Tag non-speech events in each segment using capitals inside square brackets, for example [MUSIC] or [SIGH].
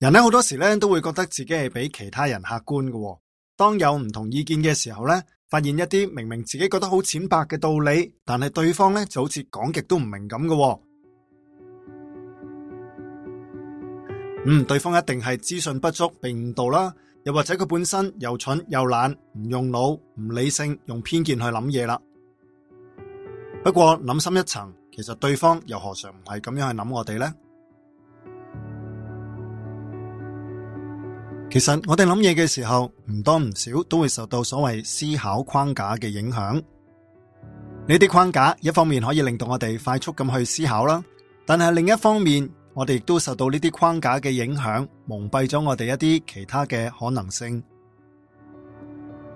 人呢好多時呢都會覺得自己係比其他人客觀㗎喎。當有唔同意見嘅時候呢，發現一啲明明自己覺得好淺白嘅道理，但係對方呢就好似講極都唔明咁嘅喎。嗯，對方一定係資訊不足被誤導啦，又或者佢本身又蠢又懶，唔用腦，唔理性，用偏見去諗嘢啦。不過諗深一層，其實對方又何嘗唔係咁樣去諗我哋呢？其實我哋諗嘢嘅時候，唔多唔少都會受到所謂思考框架嘅影響。呢啲框架一方面可以令到我哋快速咁去思考啦，但係另一方面，我哋亦都受到呢啲框架嘅影響，蒙蔽咗我哋一啲其他嘅可能性。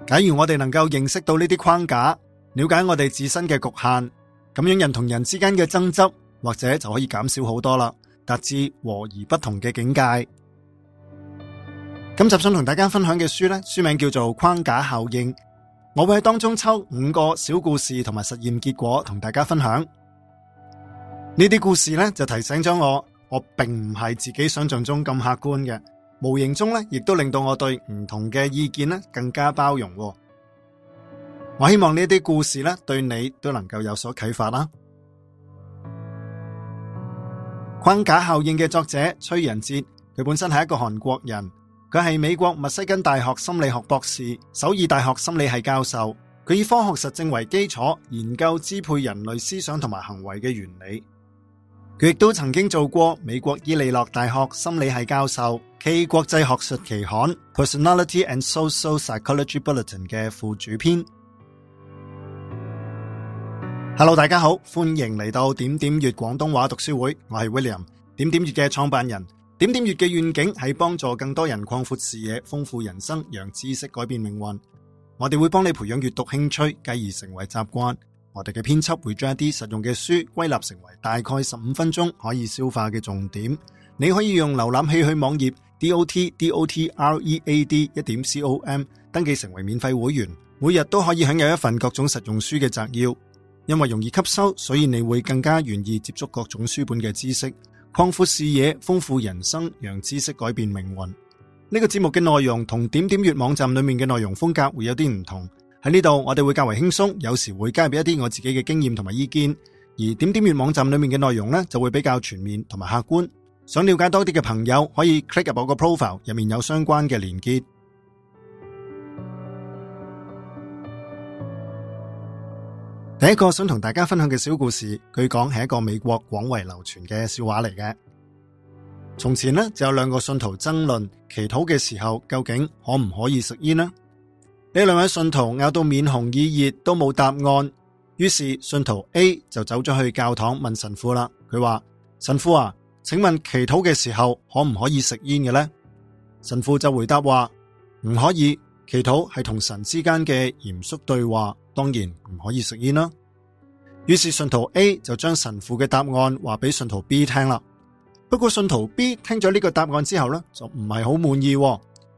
假如我哋能夠認識到呢啲框架，了解我哋自身嘅局限，咁樣人同人之間嘅爭執或者就可以減少好多啦，達至和而不同嘅境界。今集想同大家分享嘅書呢，書名叫做《框架效應》，我會喺當中抽五個小故事同埋實驗結果同大家分享。呢啲故事呢，就提醒咗我，我並唔係自己想象中咁客觀嘅，無形中呢，亦都令到我對唔同嘅意見呢更加包容。我希望呢啲故事呢，對你都能夠有所啟發啦。《框架效應》嘅作者崔仁哲，佢本身係一個韓國人。佢係美國密西根大學心理學博士、首爾大學心理系教授。佢以科學實證為基礎，研究支配人類思想同埋行為嘅原理。佢亦都曾經做過美國伊利諾大學心理系教授，暨國際學術期刊《Personality and Social Psychology Bulletin》嘅副主編。Hello，大家好，歡迎嚟到點點粵廣東話讀書會，我係 William，點點粵嘅創辦人。點點閱嘅願景係幫助更多人擴闊視野、豐富人生，讓知識改變命運。我哋會幫你培養閱讀興趣，繼而成為習慣。我哋嘅編輯會將一啲實用嘅書歸納成為大概十五分鐘可以消化嘅重點。你可以用瀏覽器去網頁 dot dot read 一點 com 登記成為免費會員，每日都可以享有一份各種實用書嘅摘要。因為容易吸收，所以你會更加願意接觸各種書本嘅知識。擴闊視野，豐富人生，讓知識改變命運。呢個節目嘅內容同點點閱網站裏面嘅內容風格會有啲唔同。喺呢度，我哋會較為輕鬆，有時會加入一啲我自己嘅經驗同埋意見。而點點閱網站裏面嘅內容呢，就會比較全面同埋客觀。想了解多啲嘅朋友，可以 click 入我個 profile，入面有相關嘅連結。第一個想同大家分享嘅小故事，佢講係一個美國廣為流傳嘅笑話嚟嘅。從前呢，就有兩個信徒爭論祈禱嘅時候究竟可唔可以食煙呢？呢兩位信徒拗到面紅耳熱都冇答案，於是信徒 A 就走咗去教堂問神父啦。佢話：神父啊，請問祈禱嘅時候可唔可以食煙嘅咧？神父就回答話：唔可以，祈禱係同神之間嘅嚴肅對話。當然唔可以食煙啦。於是信徒 A 就將神父嘅答案話俾信徒 B 聽啦。不過信徒 B 聽咗呢個答案之後呢，就唔係好滿意。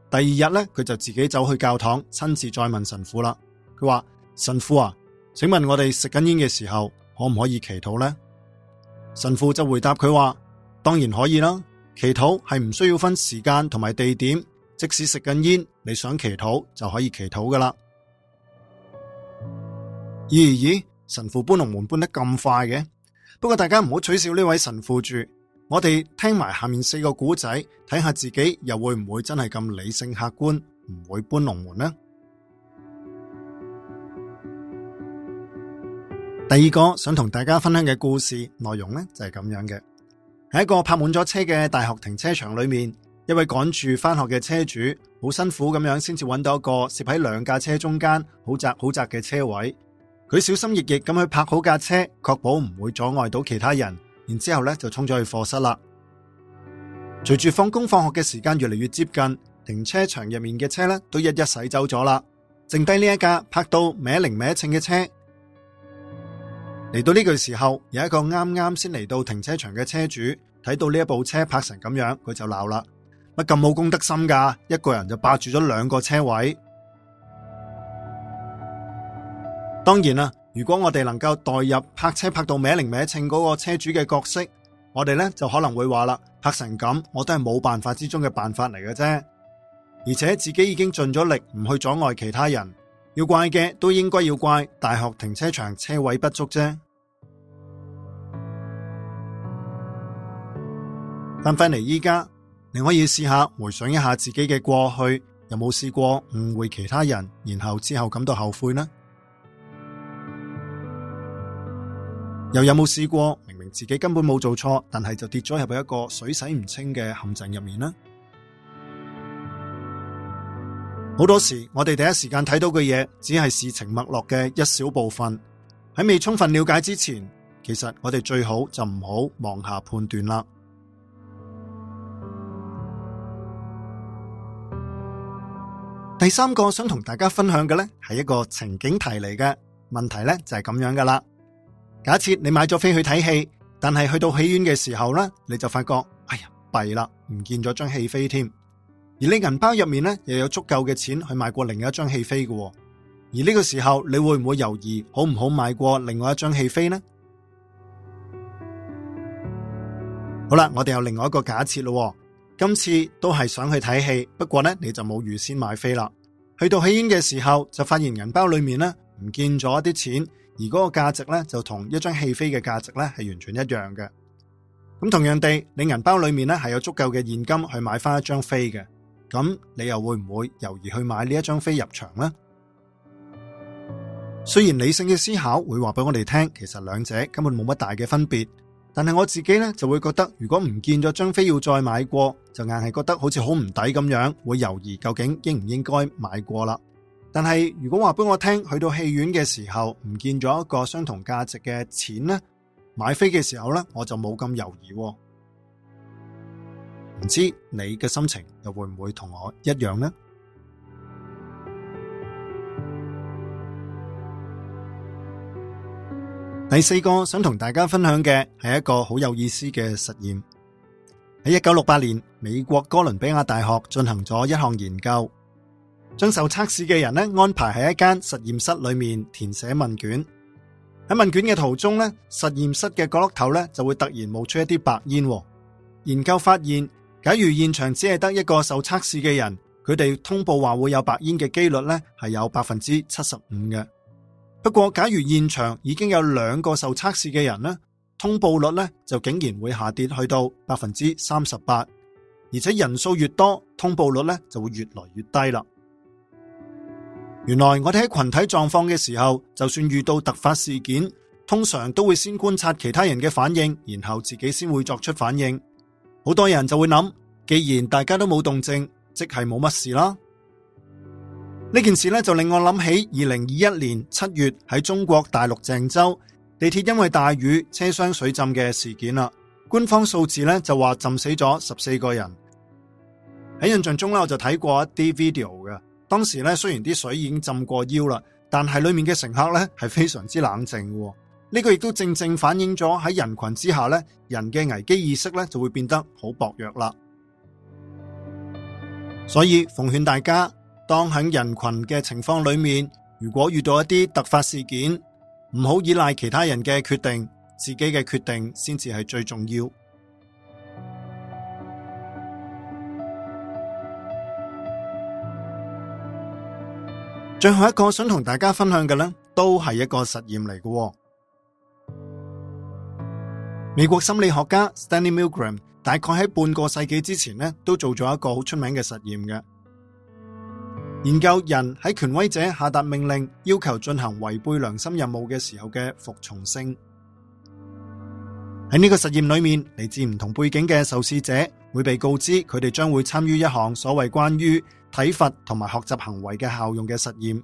第二日呢，佢就自己走去教堂，親自再問神父啦。佢話：神父啊，請問我哋食緊煙嘅時候，可唔可以祈禱呢？神父就回答佢話：當然可以啦。祈禱係唔需要分時間同埋地點，即使食緊煙，你想祈禱就可以祈禱噶啦。咦咦、欸，神父搬龍門搬得咁快嘅？不過大家唔好取笑呢位神父住，我哋聽埋下面四個古仔，睇下自己又會唔會真係咁理性客觀，唔會搬龍門呢？第二個想同大家分享嘅故事內容呢，就係、是、咁樣嘅，喺一個泊滿咗車嘅大學停車場裏面，一位趕住翻學嘅車主，好辛苦咁樣先至揾到一個攝喺兩架車中間好窄好窄嘅車位。佢小心翼翼咁去泊好架車，確保唔會阻礙到其他人。然之後咧就衝咗去課室啦。隨住放工放學嘅時間越嚟越接近，停車場入面嘅車咧都一一駛走咗啦，剩低呢一架泊到歪零歪稱嘅車。嚟到呢句時候，有一個啱啱先嚟到停車場嘅車主，睇到呢一部車泊成咁樣，佢就鬧啦：乜咁冇公德心噶，一個人就霸住咗兩個車位。當然啦，如果我哋能夠代入泊車泊到歪零歪稱嗰個車主嘅角色，我哋呢就可能會話啦，泊成咁我都係冇辦法之中嘅辦法嚟嘅啫。而且自己已經盡咗力，唔去阻礙其他人，要怪嘅都應該要怪大學停車場車位不足啫。但翻返嚟依家，你可以試下回想一下自己嘅過去，有冇試過誤會其他人，然後之後感到後悔呢？又有冇試過明明自己根本冇做錯，但係就跌咗入去一個水洗唔清嘅陷阱入面呢？好多時，我哋第一時間睇到嘅嘢，只係事情脈絡嘅一小部分。喺未充分了解之前，其實我哋最好就唔好妄下判斷啦。第三個想同大家分享嘅呢，係一個情景題嚟嘅問題呢，就係咁樣噶啦。假設你買咗飛去睇戲，但係去到戲院嘅時候呢，你就發覺，哎呀，弊啦，唔見咗張戲飛添。而你銀包入面呢，又有足夠嘅錢去買過另一張戲飛嘅。而呢個時候你會唔會猶豫，好唔好買過另外一張戲飛呢？好啦，我哋有另外一個假設咯。今次都係想去睇戲，不過呢，你就冇預先買飛啦。去到戲院嘅時候，就發現銀包裏面呢，唔見咗一啲錢。而嗰個價值咧，就同一張戲飛嘅價值咧，係完全一樣嘅。咁同樣地，你銀包裏面咧係有足夠嘅現金去買翻一張飛嘅，咁你又會唔會猶豫去買呢一張飛入場呢？ [MUSIC] 雖然理性嘅思考會話俾我哋聽，其實兩者根本冇乜大嘅分別，但係我自己咧就會覺得，如果唔見咗張飛要再買過，就硬係覺得好似好唔抵咁樣，會猶豫究竟應唔應該買過啦。但係，如果話俾我聽，去到戲院嘅時候唔見咗一個相同價值嘅錢呢，買飛嘅時候呢，我就冇咁猶豫。唔知你嘅心情又會唔會同我一樣呢？第四個想同大家分享嘅係一個好有意思嘅實驗。喺一九六八年，美國哥倫比亞大學進行咗一項研究。將受測試嘅人咧安排喺一間實驗室裏面填寫問卷。喺問卷嘅途中咧，實驗室嘅角落頭咧就會突然冒出一啲白煙。研究發現，假如現場只係得一個受測試嘅人，佢哋通報話會有白煙嘅幾率咧係有百分之七十五嘅。不過，假如現場已經有兩個受測試嘅人呢，通報率咧就竟然會下跌去到百分之三十八，而且人數越多，通報率咧就會越來越低啦。原來我哋喺群體狀況嘅時候，就算遇到突發事件，通常都會先觀察其他人嘅反應，然後自己先會作出反應。好多人就會諗，既然大家都冇動靜，即係冇乜事啦。呢件事咧就令我諗起二零二一年七月喺中國大陸鄭州地鐵因為大雨車廂水浸嘅事件啦。官方數字咧就話浸死咗十四個人。喺印象中咧，我就睇過一啲 video 嘅。當時咧雖然啲水已經浸過腰啦，但係裏面嘅乘客咧係非常之冷靜嘅。呢個亦都正正反映咗喺人群之下咧，人嘅危機意識咧就會變得好薄弱啦。所以奉勸大家，當喺人群嘅情況裏面，如果遇到一啲突發事件，唔好依賴其他人嘅決定，自己嘅決定先至係最重要。最後一個想同大家分享嘅咧，都係一個實驗嚟嘅。美國心理學家 Stanley Milgram 大概喺半個世紀之前咧，都做咗一個好出名嘅實驗嘅，研究人喺權威者下達命令，要求進行違背良心任務嘅時候嘅服從性。喺呢個實驗裏面，嚟自唔同背景嘅受試者會被告知佢哋將會參與一項所謂關於體罰同埋學習行為嘅效用嘅實驗。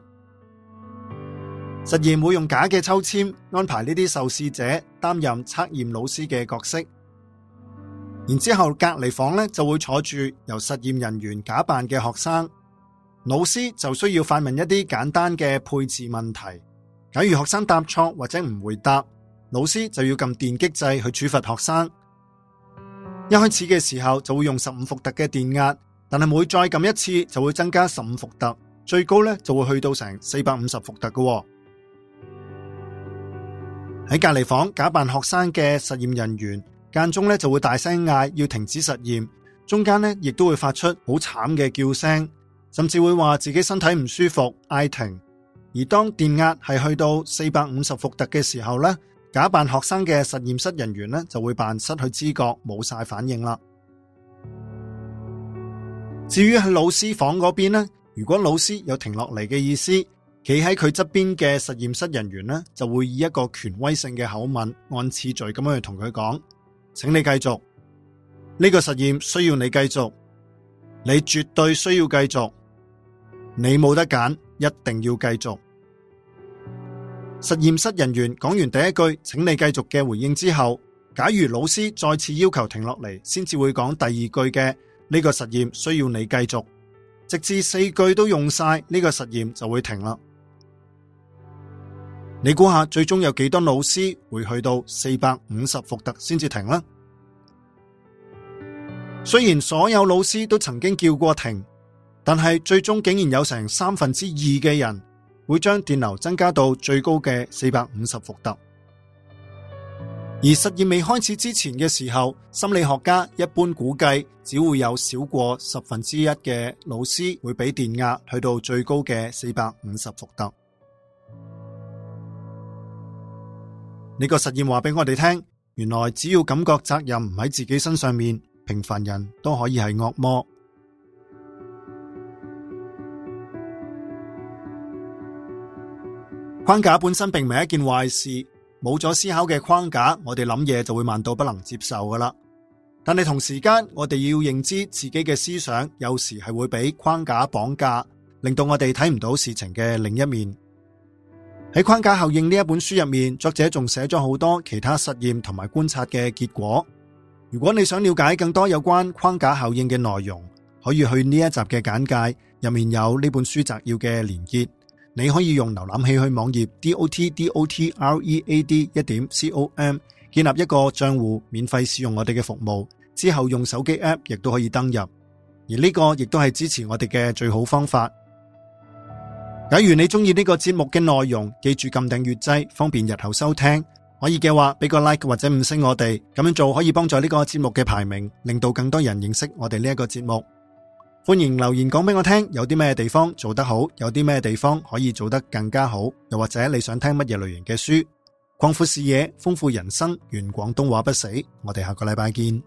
實驗會用假嘅抽籤安排呢啲受試者擔任測驗老師嘅角色，然之後隔離房咧就會坐住由實驗人員假扮嘅學生，老師就需要發問一啲簡單嘅配置問題。假如學生答錯或者唔回答。老師就要撳電擊掣去處罰學生。一開始嘅時候就會用十五伏特嘅電壓，但係每再撳一次就會增加十五伏特，最高呢就會去到成四百五十伏特嘅。喺隔離房假扮學生嘅實驗人員，間中呢就會大聲嗌，要停止實驗，中間呢亦都會發出好慘嘅叫聲，甚至會話自己身體唔舒服，嗌停。而當電壓係去到四百五十伏特嘅時候呢。假扮學生嘅實驗室人員咧，就會扮失去知覺，冇晒反應啦。至於去老師房嗰邊咧，如果老師有停落嚟嘅意思，企喺佢側邊嘅實驗室人員咧，就會以一個權威性嘅口吻，按次序咁樣去同佢講：請你繼續，呢個實驗需要你繼續，你絕對需要繼續，你冇得揀，一定要繼續。實驗室人員講完第一句，請你繼續嘅回應之後，假如老師再次要求停落嚟，先至會講第二句嘅呢個實驗需要你繼續，直至四句都用晒，呢個實驗就會停啦。你估下最終有幾多老師會去到四百五十伏特先至停啦？雖然所有老師都曾經叫過停，但係最終竟然有成三分之二嘅人，會將電流增加到最高嘅四百五十伏特，而實驗未開始之前嘅時候，心理學家一般估計只會有少過十分之一嘅老師會俾電壓去到最高嘅四百五十伏特。呢個實驗話俾我哋聽，原來只要感覺責任唔喺自己身上面，平凡人都可以係惡魔。框架本身並唔係一件壞事，冇咗思考嘅框架，我哋諗嘢就會慢到不能接受噶啦。但係同時間，我哋要認知自己嘅思想，有時係會俾框架綁架，令到我哋睇唔到事情嘅另一面。喺框架效應呢一本書入面，作者仲寫咗好多其他實驗同埋觀察嘅結果。如果你想了解更多有關框架效應嘅內容，可以去呢一集嘅簡介，入面有呢本書摘要嘅連結。你可以用瀏覽器去網頁 dot dot read 一點 com 建立一個賬戶，免費使用我哋嘅服務。之後用手機 app 亦都可以登入，而呢個亦都係支持我哋嘅最好方法。假如你中意呢個節目嘅內容，記住撳訂閱掣，方便日後收聽。可以嘅話，俾個 like 或者五星我哋，咁樣做可以幫助呢個節目嘅排名，令到更多人認識我哋呢一個節目。歡迎留言講俾我聽，有啲咩地方做得好，有啲咩地方可以做得更加好，又或者你想聽乜嘢類型嘅書，擴闊視野，豐富人生，願廣東話不死。我哋下個禮拜見。